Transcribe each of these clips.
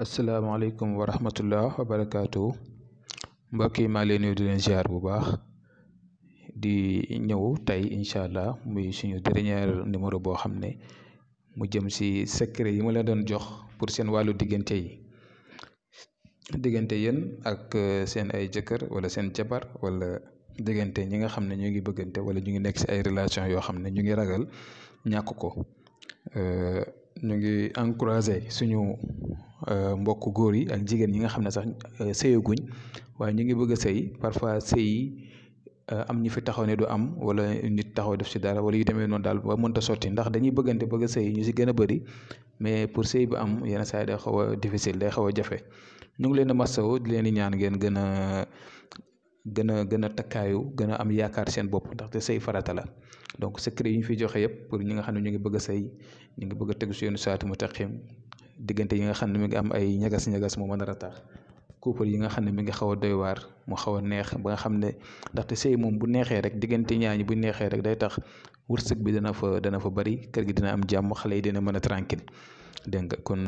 asalaamaaleykum wa rahmatullah wa barakaatu mbokk yi maa leen di leen ziar bu baax di ñëw tey incha allah muy suñu dernier numéro boo xam ne mu jëm si secret yi ma leen doon jox pour seen wàllu diggante yi diggante yéen ak euh, seen ay jëkkër wala seen jabar wala diggante ñi nga xam ne ñu ngi bëggante wala ñu ngi nekk si ay relation yoo xam ne ñu ngi ragal ñàkk ko euh, ñu ngi encouragé suñu. Euh, mbokk góor yi ak jigéen ñi nga xam ne sax euh, sëyaguñ waaye ñu ngi bëgg a sëy parfois sëy euh, am ñu fi taxaw ne du am wala nit taxaw def ci dara wala yu demee noonu daal ba mënta sotti ndax dañuy bëggante bëgg a sëy ñu si gën a bëri mais pour sëy bi am yenn saa yi day xaw a difficile day xaw a jafe ñu ngi leen a masawu di leen di ñaan ngeen gën a gën a gën a takkaayu gën a am yaakaar seen bopp ndaxte sëy farata la donc secret yi ñu fiy joxe yëpp pour ñi nga xam ne ñu ngi bëgg a ñu ngi bëgg tegu si yoonu saatu mu taqim diggante yi nga xam ne mi ngi am ay ñagas-ñagas mu mën a rataax couple yi nga xam ne mi ngi xaw a doy waar mu xaw a neex ba nga xam ne ndaxte sëy moom bu neexee rek diggante ñaañi bu neexee rek day tax wërsëg bi dana fa dana fa bari kër gi dina am jàmm xale yi dina mën a tranquille dégg nga kon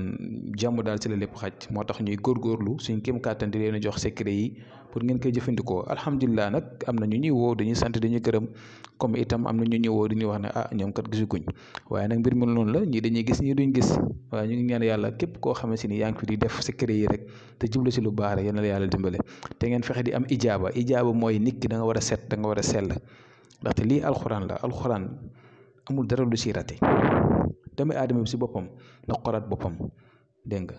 jàmm daal si la lépp xaj moo tax ñuy góorgóorlu suñ kéem kàttan di leen jox secret yi pour ngeen koy jëfandikoo alhamdulilah nag am na ñu ñuy woo dañuy sant dañuy gërëm comme itam am na ñu ñuy woo dañuy wax ne ah ñoom kat gisuguñ waaye nag mbir mi noonu la ñii dañuy gis ñu duñ gis waaye ñu ngi ñaan yàlla képp koo xamante si ni yaa fi di def secret yi rek te jublu si lu baax rek yal na la yàlla dimbale te ngeen fexe di am ijaaba ijaaba mooy nit ki da nga war a war a sell ndaxte lii alxuraan la alxuraan amul dara lu si rate doomi aadama bi si boppam na xoraat boppam dégg nga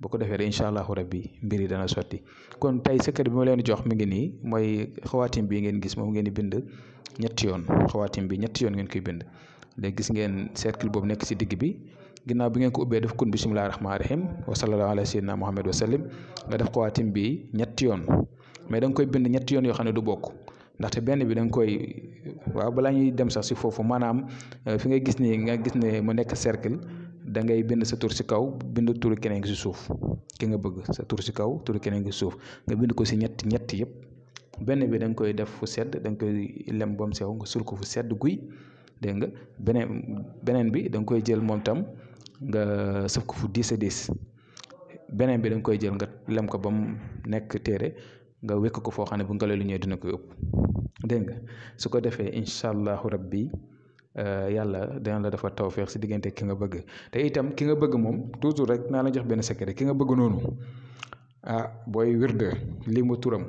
bu ko defee incha allahu rabbi mbir dana sotti kon tey secret bi ma leen jox mi ngi nii mooy xawaatim bi ngeen gis moom ngeen bind ñetti yoon xawaatim bi ñetti yoon ngeen koy bind léegi gis ngeen cercle boobu nekk si digg bi ginnaaw bi ngeen ko ubbee def kun bisimilahi rahmaani rahim wa sallallahu ala sayyidina muhammad wa sallim nga def xawaatim bi ñetti yoon mais da koy bind ñetti yoon yoo xam ne du bokk ndaxte benn bi da koy waaw balaa ñuy dem sax si foofu maanaam euh, fi nga gis ni nga gis ne mu nekk cercle da ngay bind sa tur si kaw bind tur keneen ki si suuf ki nga bëgg sa tur si kaw tur keneen ki si suuf nga bind ko si ñett ñett yëpp benn bi da nga koy def fu sedd da nga koy lem ba mu sew nga sul ko fu sedd guy dégg nga beneen beneen bi da nga koy jël moom tam nga sëf ko fu diis a diis beneen bi da nga koy jël nga lem ko ba mu nekk téere nga wékk ko foo xam ne bu ngelaw li ñëwee dina ko yóbbu dégg nga su ko defee incha allahu rabbi euh, yàlla dana la dafa tawféex si diggante ki nga bëgg te itam ki nga bëgg moom toujours rek naa la jox benn secret ki nga bëgg noonu ah booy wirde lii mu turam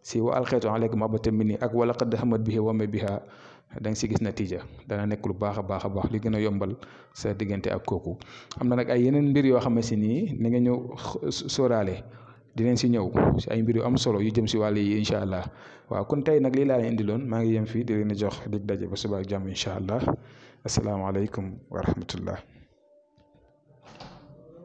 si wa alxeetu aleyka mabata nii ak wala xadd xamat bihi wame biha da nga si gis natiija dana nekk lu baax a baax a baax li gën a yombal sa diggante ak kooku am na nag ay yeneen mbir yoo xam si nii ni nga ñëw sóoraale dinañ si ñëw si ay mbir yu am solo yu jëm si wàll yi incha allah waaw kon tey nag lii laa indi loon maa ngi yem fii di leen jox dig daje ba suba ak jàmm incha allah asalaamaaleykum wa rahmatullah